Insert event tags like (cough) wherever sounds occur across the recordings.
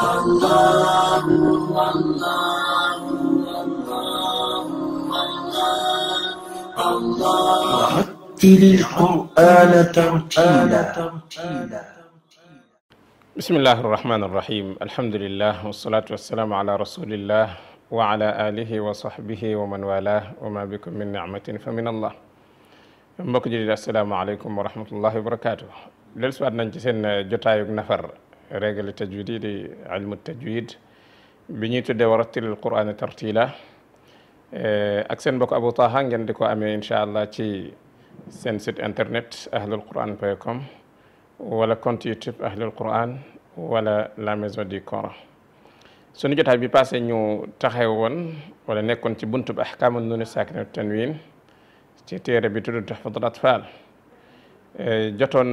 الله الله الله الله رتل القرآن ترتيلا بسم الله الرحمن الرحيم الحمد لله والصلاة والسلام على رسول الله وعلى آله وصحبه ومن والاه وما بكم من نعمة فمن الله mbokk السلام عليكم ورحمة الله وبركاته للسؤال ننجسين جتايق نفر رجل التجويدي لعلم التجويد بنيت دورت القرآن ترتيلا آه، أكسن بك أبو طه عندكوا أمي إن شاء الله تي سنسيت إنترنت أهل القرآن بيكم ولا كنت يوتيوب أهل القرآن ولا لامزون دي كورا سنجد هاي بيباسي نيو تخيوون ولا نكون تي بنتو بأحكام النون ساكن التنوين تي آه، آه، تي ربيتو دو تحفظ الأطفال جاتون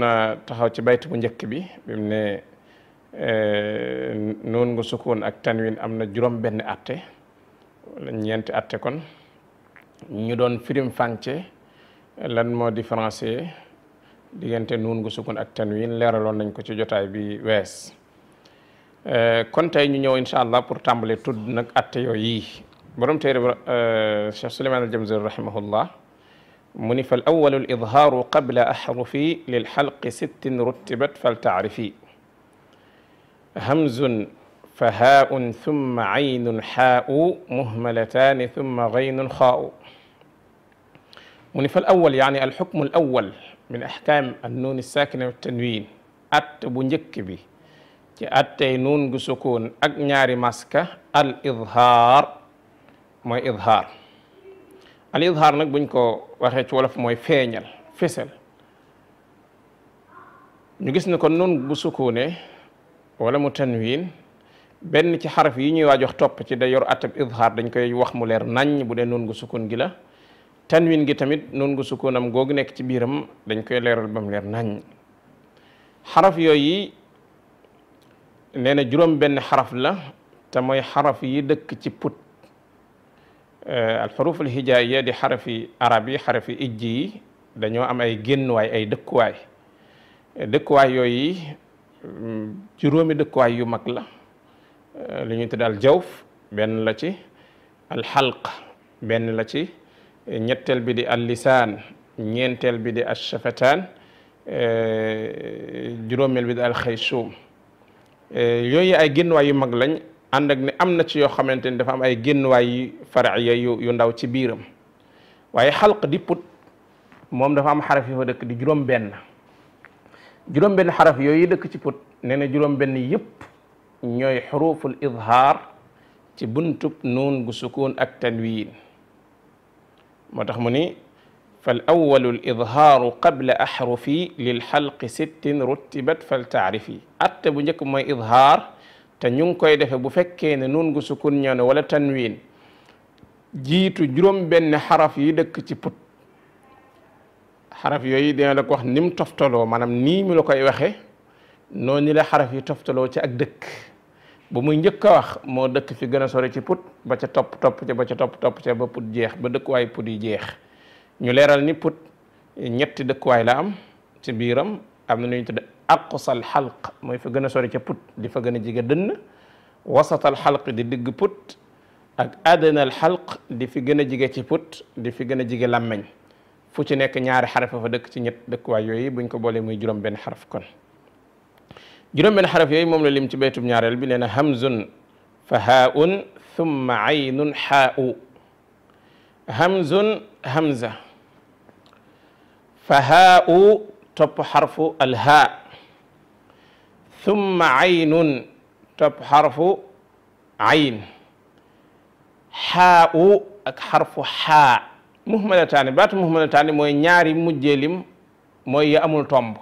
تخيو تي بيت بنجك بي نون غو سكون اك تنوين امنا جوروم بن اتي ولا نينت اتي كون ني دون فريم فانتي لان مو ديفرانسي ديغنت نون غو سكون اك تنوين ليرالون نانكو سي جوتاي بي ويس ا كون تاي ني نيو ان شاء الله بور تامبلي تود نك اتي يوي بروم تيري شيخ سليمان الجمزر رحمه الله منف الاول الاظهار قبل احرفي للحلق ست رتبت فلتعرفي hamzun fa haa'un thumma aynun haa'u muhmalataani thumma ghaynun xaa'u mu ni fal awal yaani alxukmu al awal min ahkaam an nuuni saakina wa tanwiin atte bu njëkk bi ci attey nuun gu sukoon ak ñaari maska al idhaar mooy idhaar al idhaar nag buñ ko waxee ci wolof mooy feeñal fesal ñu gis ne kon nuun gu sukoone wala mu tanwin benn ci xaraf yi ñuy waa jox topp ci day yor atab idhaar dañ koy wax mu leer naññ bu dee nun gu gi la tanwin gi tamit nun gu sukkoonam googu nekk ci biiram dañ koy leeral ba mu leer naññ xaraf yooyu yi na juróom benn xaraf la te mooy xaraf yi dëkk ci put euh, alxuruf alhijaiya di xaraf arab yi xaraf yi ijji yi dañoo am ay génn waay ay dëkkuwaay dëkkuwaay yooyu juróomi dëkkuwaay yu mag la euh, li ñuy tuddee aljawf benn la ci xalq benn la ci ñetteel bi di allisaan ñeenteel bi di alshafataan euh, juróomeel bi di alxaysuum euh, yooyu ay génnuwaay yu mag lañ ànd ak ne am na ci yoo xamante ni dafa am ay génnuwaay fara farciya yu ndaw ci biiram waaye xalq di put moom dafa am xaraf yu fa dëkk di juróom benn juróom benn xaraf yooyu dëkk ci put nee na juróom benn yëpp ñooy xuruful izhaar ci buntub nuun gu sukuun ak tanwiin moo tax mu ni fal awwalul izhaaru qabla axrufi lil xalqi sittin ruttibat fal taarifi atte bu njëkk mooy izhaar te ñu ngi koy defe bu fekkee ne nuun gu sukuun wala tanwiin jiitu juróom benn xaraf yi dëkk ci put xaraf yooyu na la ko wax ni mu toftaloo maanaam nii mu la koy waxee noonu la xaraf yi toftaloo ci ak dëkk ba muy njëkk a wax moo dëkk fi gën a sori ci put ba ca topp topp ca ba ca topp topp ca ba put jeex ba dëkkuwaay put yi jeex ñu leeral ni put ñetti dëkkuwaay la am ci biiram am na lu ñu tudde aqsal xalq mooy fa gën a sori ca put di fa gën a jige dënn wasatal xalq di digg put ak adanal xalq di fi gën a jige ci put di fi gën a jige làmmeñ fu ci nekk ñaari xarafa fa dëkk ci ñet dekk way yoy buñ ko bolé muy juróom ben xaraf kon juróom ben xaraf yoy mom la lim ci baytub ñaarel bi nee hamzun fa haun thumma aynun haau hamzun hamza fa top topp al haa thumma aynun topp xarfu ayn haau ak xarfu haa muhmalataani baatu muhmalataani mooy ñaari mujjee lim mooy ya amul tomb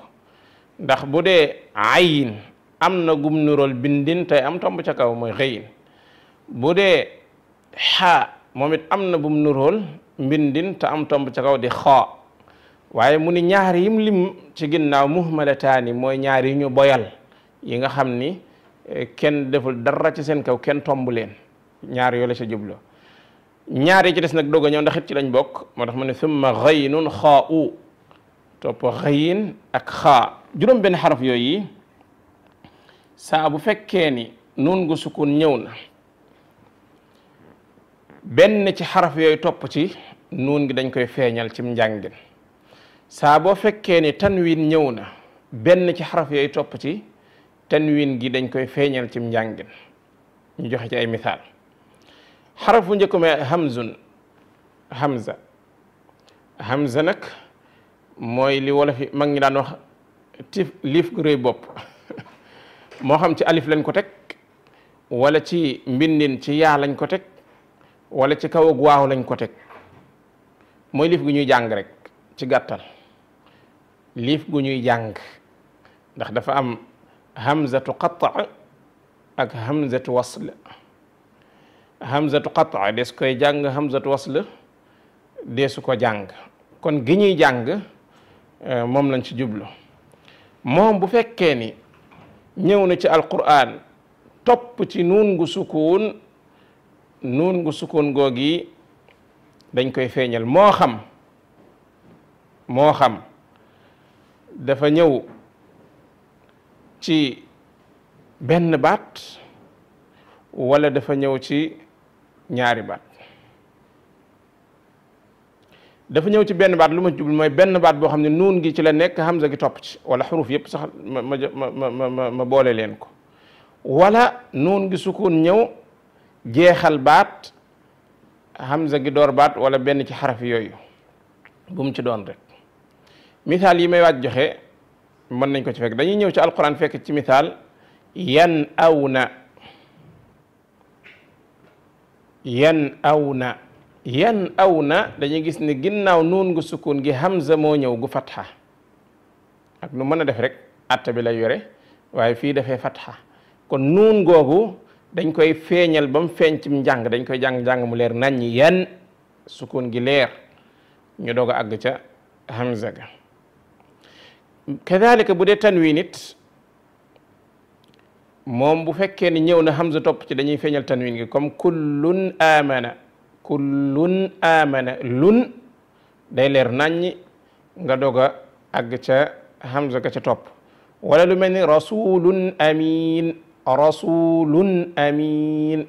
ndax bu dee ayin am na gum nurool bindin tey am tomb ca kaw mooy xëyin bu dee xaa moom am na bum nurool mbindin am tomb ca kaw di xaa waaye mu ni ñaari yim lim ci ginnaaw muhmalataani mooy ñaari yu ñu boyal yi nga xam ni eh, kenn deful dara ci seen kaw kenn tomb leen ñaar yoo ca jublo ñaaree ci des nag doog ñëw ndax ci lañ bokk moo tax mu ne summa xaynun xaa u topp xayin ak xaa juróom benn xaraf yooyu saa bu fekkee ni nun gu sukun ñëw na benn ci xaraf yooyu topp ci nuun gi dañ koy feeñal cim njàngin saa boo fekkee ni wiin ñëw na benn ci xaraf yooy topp ci tanwin gi dañ koy feeñal cim njàngin ñu joxe ci ay misaal xaraf bu njëkk mooy hamzun hamza hamza nag mooy li wolof mag ñi daan wax tif liif gu bopp (laughs) moo xam ci alif lañ ko teg wala ci mbindin ci yaa lañ ko teg wala ci kaw waaw lañ ko teg mooy liif gu ñuy jàng rek ci gàttal liif gu ñuy jàng ndax dafa am hamzatu qataa ak hamzatu wasl hamzatu qata des koy jàng hamzatu wasl deesu ko jàng kon gi ñuy jàng euh, moom lañ ci jublu moom bu fekkee ni ñëw na ci alquran topp ci nuun ngu sukuun nuun gu sukuun googi dañ koy feeñal moo xam moo xam dafa ñëw ci benn baat wala dafa ñëw ci ñaari baat dafa ñëw ci benn baat lu ma jublu mooy benn baat boo xam ne nuun gi ci la nekk hamza gi topp ci wala xuruf yëpp sax ma ma ma ma ma boole leen ko wala nuun gi sukkoon ñëw jeexal baat hamza gi door baat wala benn ci xaraf yooyu bu mu ci doon rek misaal yi may waaj joxe mën nañ ko ci fekk dañuy ñëw ci alquran fekk ci misaal yan aw na yan aw na yan aw na dañuy gis ni ginnaaw nuun gu sukun gi hamza moo ñëw gu fatxa ak nu mën a def rek atta bi lay yore waaye fii dafee fatxa kon nuun googu dañ koy feeñal ba mu feeñ cim njàng dañ koy jàng-njàng mu leer nañ yan sukun gi leer ñu doog a àgg ca hamza ga kadalika bu dee tanwiin it moom bu fekkee ni ñëw na hamza topp ci dañuy feeñal tanwin gi comme kullun amana kullun amana lun day leer naññi nga doog a àgg ca hamza ca topp wala lu mel ni rasulun amin rasulun amin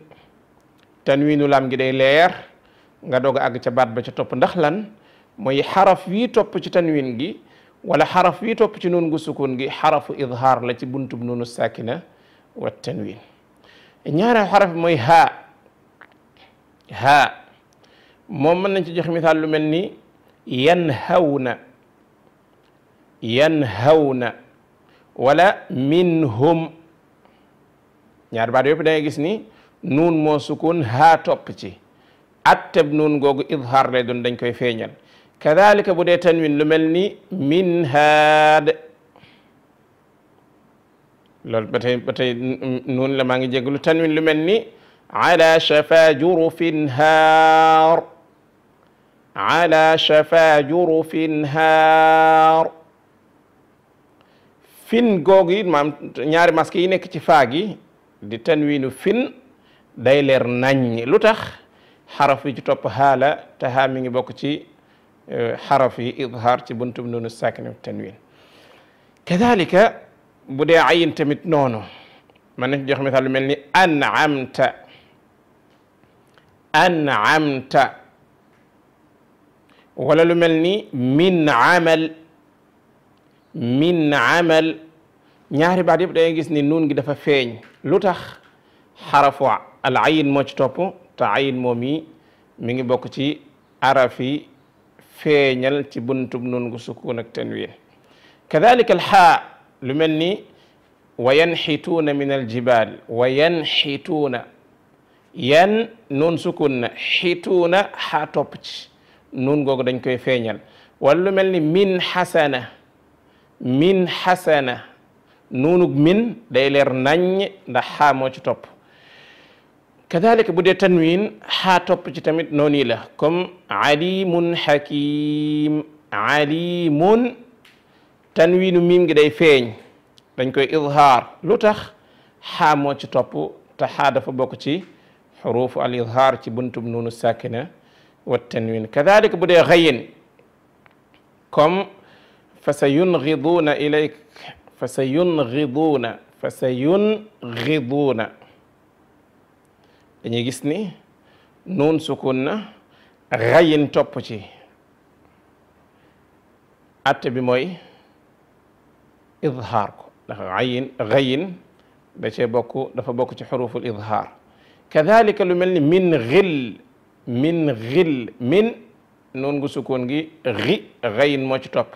tanwinu lam gi day leer nga doog a àgg ca baat ba ca topp ndax lan mooy xaraf wii topp ci tanwin gi wala xaraf wii topp ci nun gu sukun gi xarafu idhaar la ci buntub nunu sakina wa tanwin ñaareel xaraf bi mooy haa haa moom mën nañ ci joxe misaal lu mel ni yanhawna yanhawna wala minhum ñaar baat yëpp da gis ni nuun moo sukun haa topp ci atteb nuun googu idhaar lay dañ koy feeñal kadalika bu dee tanwin lu mel ni minhaad loolu ba tey la maa ngi jégalu tanwin lu mel ni ala shafa jurufin haar haar fin googu it maam ñaari maske yi nekk ci faa gi di tanwinu fin day leer naññ lu tax xaraf ci topp haala te haa mi ngi bokk ci euh, xaraf ci buntum nuunu saakina tanwin kadalika bu dee ayin tamit noonu man nañ jox misaal lu mel ni an'amta an'amta wala lu mel ni min amal min amal ñaari baat da gis ni nuun gi dafa feeñ lu tax xarafu al ayin moo ci topp te ayin moom mi ngi bokk ci arafi feeñal ci buntub nuun gu sukun ak tanwin kadalika lu mel ni wa yanxituuna min aljibaal wa yanxituuna yan nun sukun xituuna xaa topp nun googu dañ koy feeñal wala lu mel ni min xasana min xasana min day leer naññ ndax xaa moo ci topp kadalika bu dee tanwin xaa topp ci tamit noonu la comme alimun xakim alimun tanwiinu miim gi day feeñ dañ koy izhaar lu tax xaa moo ci topp te xaa dafa bokk ci xuruufu al izhaar ci buntub nunu sakina wa tanwin kadalika bu dee xayin kom fa sa yungiduuna ilayk fa sa yungiduuna fa sa yungiduuna dañuy gis ni nuun sukun na xayin topp ci atte bi mooy izhaar ko ndax ayin xayin da cee bokk dafa bokk ci xuruful izhaar kadalika lu mel ni min xil min xil min noon gu sukkoon gi xi xayin moo ci topp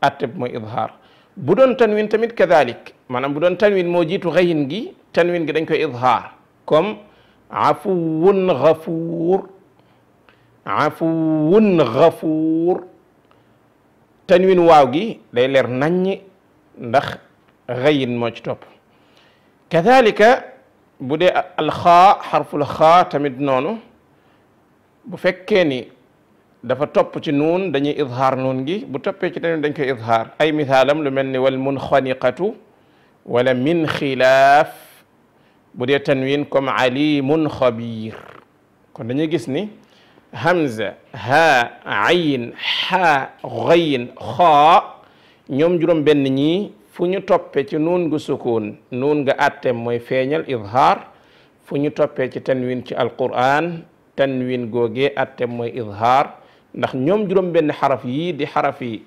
atte bi mooy izhaar bu doon tanwin tamit kadalik maanaam bu doon tanwin moo jiitu xayin gi tanwin gi dañ koy izhaar comme afuwun xafuur afuwun xafuur tanwin waaw gi day leer naññ ndax xayin moo ci topp kadalika bu dee alxaa xarful xaa tamit noonu bu fekkee ni dafa topp ci nuun dañuy izhaar nuun gi bu toppee ci tamit dañ koy izhaar ay misaalam lu mel ni wal munxaniqatu wala min xilaaf bu dee tanwin comme alimun xabir kon dañuy gis ni hamza ha ayn xaa ñoom juróom benn ñii fu ñu toppee ci nuun gu sukuun nuun nga àtteem mooy feeñal izhaar fu ñu toppee ci tanwin ci alquran tanwin googee àtteem mooy izhaar ndax ñoom juróom benn xaraf yii di xaraf yi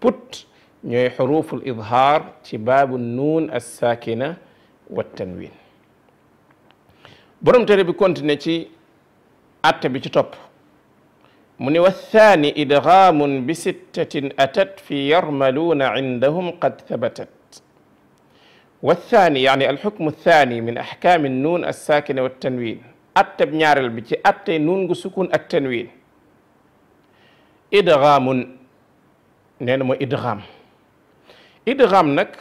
put ñooy xuruful izhaar ci baabu nuun as-saakina wa tanwin borom tere bi continuer ci àtte bi ci topp من والثاني إدغام بستة أتت في يرملون عندهم قد ثبتت والثاني يعني الحكم الثاني من أحكام النون الساكنة والتنوين أت بنيار البتي أتى نون سكون التنوين إدغام نعم إدغام إدغام نك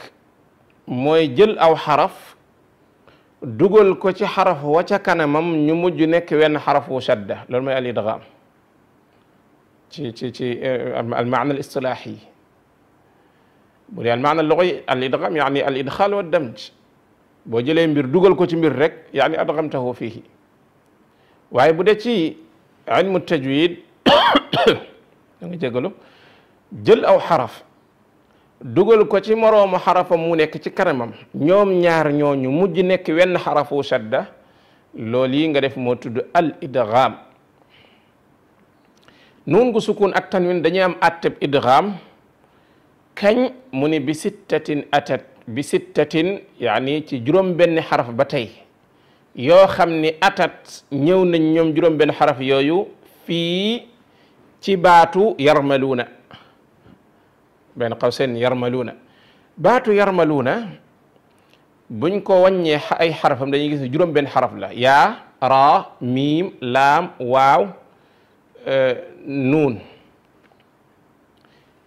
موي جل أو حرف دوغل كوتي حرف واتا كان مم ني موجو وين حرف وشده لول ما إدغام ci ci ci eh, al maana al istilaahi yaani al wa damj boo jëlee mbir dugal ko ci mbir rek yaani adgamtahu fii waaye bu de ci ilmu tajwid da (coughs) jël aw xaraf dugal ko ci moroomu xarafam mu nekk ci kanamam ñoom ñaar ñooñu mujj nekk wenn xarafu shadda loolu yi nga def moo tudd al nuun gu sukun ak tanwin dañuy am atteb idgham kañ mu ni bi sittatin yaani ci juróom benn xaraf ba tey yoo xam ni atat ñëw nañ ñoom juróom benn xaraf yooyu fii ci baatu yarmaluuna benn xaw seen yarmaluuna baatu yarmaluuna buñ ko wàññee ay xarafam dañuy gis ne juróom la yaa ra miim laam waaw Euh, nuun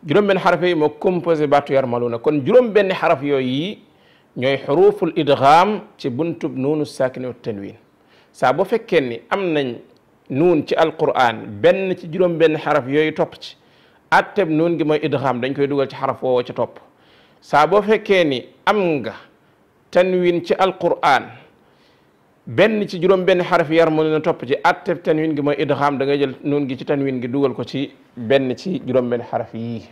juróom-benn xaraf yooyu moo composé baatu yarmaluna kon juróom-benn yooyu yi ñooy xuruful idgham ci buntub nuunu saakini wa tanwin saa boo fekkee ni am nañ nuun ci alquran benn ci juróom-benn xaraf yooyu topp ci atteb nuun gi mooy idgham dañ koy dugal ci xaraf woowo ca topp saa boo fekkee ni am nga tanwin ci alquran benn ci juróom benn xaraf yar mu na topp ci atteb tanwin gi mooy idgham da ngay jël nun gi ci tanwin gi dugal ko ci benn ci juróom benn xaraf yii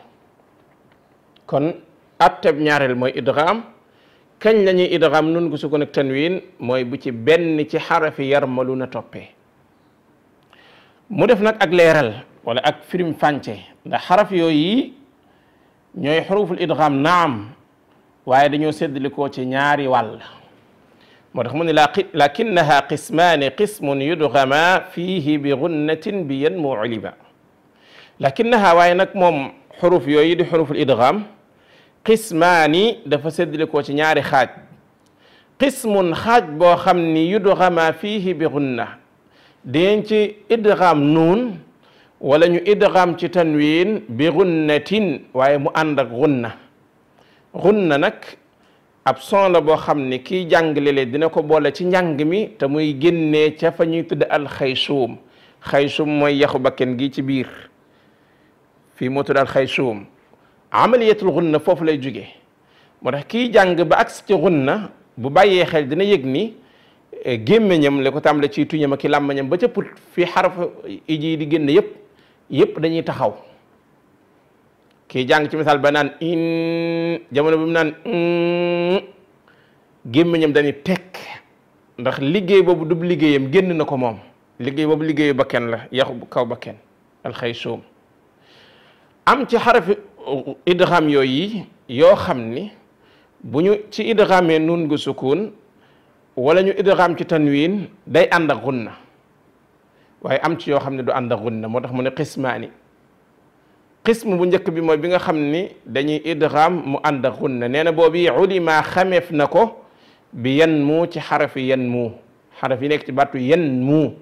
kon atteb ñaareel mooy idgham kañ lañuy ñuy idgham nun gu su ko nag mooy bu ci benn ci xarafi yar malu na toppe mu def nag ak leeral wala ak firim fànce ndax xaraf yooyu yi ñooy xuruful idgham naam waaye dañoo séddale koo ci ñaari wàll مرحمون لكنها قسمان قسم يدغما فيه بغنة بينمو علبا لكنها وينك مم حروف يويد حروف الإدغام قسمان دفسد لك وشنعر خاج قسم خاج بوخمن يدغما فيه بغنة دينتي إدغام نون ولا إدغام تتنوين بغنة وي مؤندق غنة غنة نك ab son la boo xam ne kiy jàng léeg dina ko boole ci njàng mi te muy génnee ca fa ñuy tudd alxaysuum xaysuum mooy yaxu bakken gi ci biir fii moo tudd alxaysuum amaliyatul na foofu lay jóge moo tax kiy jàng ba agsi ci gunna bu bàyyee xel dina yëg ni eh, gémmiñam li ko tàmbale ciy tuñam ak ki làmmañam ba ca put fii xaraf iji di génn yëpp yëpp dañuy taxaw kii jàng ci misaal ba naan in jamono bi mu naan gémmiñam dañuy tekk ndax liggéey boobu dub liggéeyam génn na ko moom liggéey boobu liggéeyu ba kenn la yaxu kaw ba kenn alxay suum am ci xarafi idgham yooyu yoo xam ni bu ñu ci idghamee nun gu sukun wala ñu idgham ci tanwin day ànd ak gunna waaye am ci yoo xam ne du ànd ak gunna moo tax mu ne xismaani xism bu ñëk bi moy bi nga xamni dañuy idgham mu ànd ak xunna na ulima xameef nako bi yanmu ci harfi yanmu harfi nek ci batu yanmu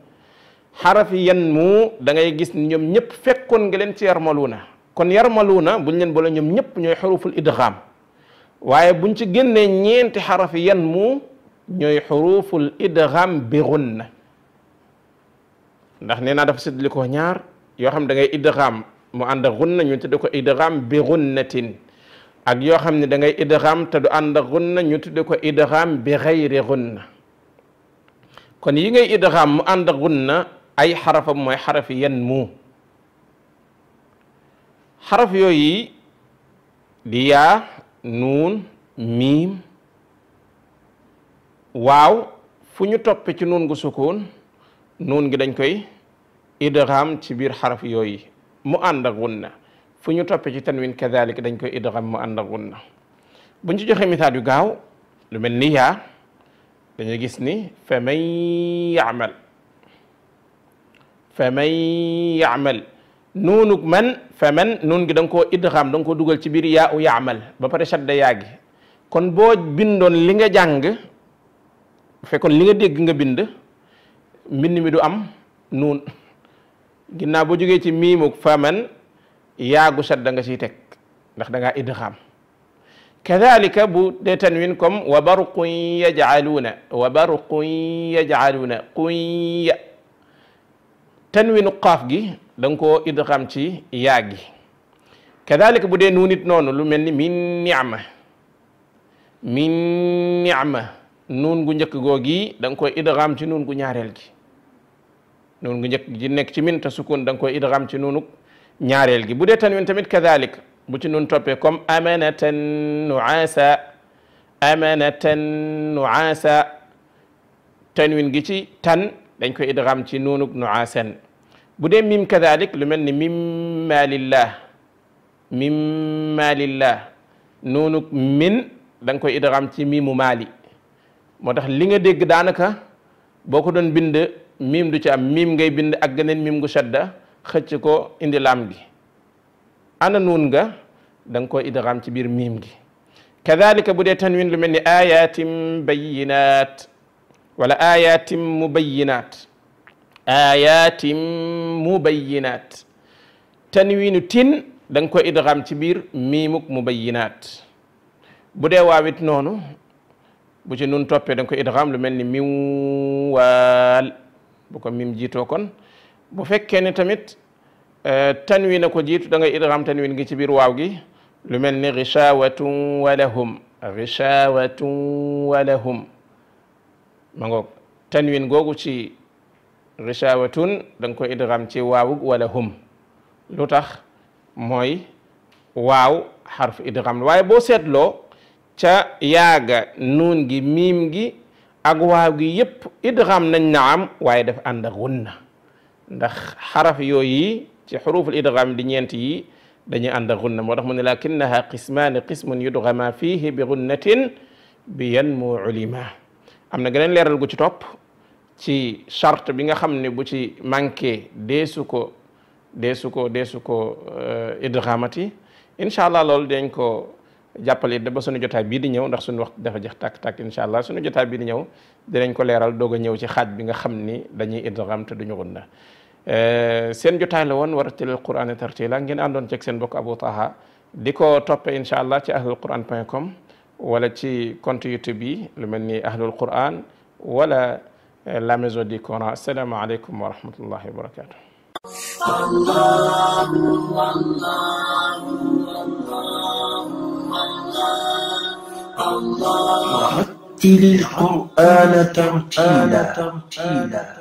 harfi yanmu da ngay gis ni ñoom ñëpp fekkon nga len ci yarmaluna kon yarmaluuna buñ leen boole ñom ñëpp ñoy huruful idgham waye buñ ci genné ñeenti harfi yanmu ñoy huruful idgham bi xunna ndax neena dafa ñaar yo xam da ngay idgham mu ànd ak gunna ñu tudde ko idgham bi gunnatin ak yoo xam ne dangay ngay idgham te du ànd ak ñu tudde ko idgham bi ghayri gunna kon yi ngay idgham mu ànd ak ay xarafam mooy xaraf yan mu xaraf yooyu di yaa nuun miim waaw fu ñu toppe ci nuun gu sukun nuun gi dañ koy idgham ci biir xaraf yooyu mu andagunna fuñu topé ci tanwin kadalik dañ koy idgham mu andagunna buñ ci joxe misal yu gaaw lu melni ya dañu gis ni fa man yaamal fa man yaamal nuunug man fa man nuun gi da ko idgham da ko duggal ci bir ya u ya'mal ba pare shadda yaa gi kon bo bindon li nga jàng fekkoon li nga deg nga bind mbind mi du am nun ginnaaw bu jógee ci miimuk faman yaagu sat da nga teg ndax danga ngaa idgham kadalika bu dee tanwin comme wa barqun yajaluuna wa barqun yajaluuna qunya tanwinu qaaf gi da nga koo idgham ci yaagi kadalika bu dee nuunit noonu lu mel ni min ni'ma min ni'ma nuun gu njëkk goo gi da nga koy idgham ci nuun gu ñaareel gi nuun ngi njëkk ji nekk ci min te sukun da nga koy idgham ci nuunuk ñaareel gi bu dee tanwin tamit kadalik bu ci nuun toppee comme amanatan nuasa amanatan nuasa tanwin gi ci tan dañ koy idgham ci nuunuk nuasan bu dee mim kadalik lu mel ni mimma lillah mimma lillah nuunuk min da nga koy idgham ci mimu maali moo tax li nga dégg daanaka boo ko doon bind miim du ci am miim ngay bind ak geneen miim gu shadda xëcc ko indi laam ana nuun nga da nga koo ci biir miim gi kadhalika bu dee tanwin lu mel ni ayatim bayinat wala ayatim mubayinat ayatim mubayinat tanwinu tin da nga koy idgham ci biir miimuk mubayinat bu dee waawit noonu bu ci nun toppee da nga koy lu mel ni miwaal bu ko mim jiitoo kon bu fekkee ne tamit eh, tanwin a ko jiitu da ngay idgham tanwin gi ci biir waaw gi lu mel ni ghishawatun wa lahum ghishawatun wa lahum ma googu ci ghishawatun da nga koy idgham ci waawu wa lahum lu tax mooy waaw xarf idgham waaye boo seetloo ca yaaga nuun miim gi ak waaw gi yëpp idgham nañ na am waaye daf ànd ak gunna ndax xaraf yooyu ci xuruful idgham di ñeent yi dañuy ànd ak gunna moo tax mu ne lakinnaha qismaani qismun yudghama fihi bi gunnatin bi moo ulima am na geneen leeral gu ci topp ci charte bi nga xam ne bu ci manqué deesu ko deesu ko deesu ko euh, idghamati incha allah loolu dañ ko jàppale it ba suñu jotaay bii di ñëw ndax suñu wax dafa jeex tàkk-tàkk incha allah suñu jotaay bii di ñëw dinañ ko leeral doog ñëw ci xaaj bi nga xam ni dañuy idgham te duñu gunna eh, seen jotaay la woon warattilil qur'ana tartila ngeen àndoon ceeg seen bokk Abou Taha di ko toppe incha allah ci ahlul quran point com wala ci compte youtube lu mel ni ahlul quran wala eh, la maison du coran asalaamaaleykum wa rahmatullahi wa barakatuh الله رتل القرآن ترتيلا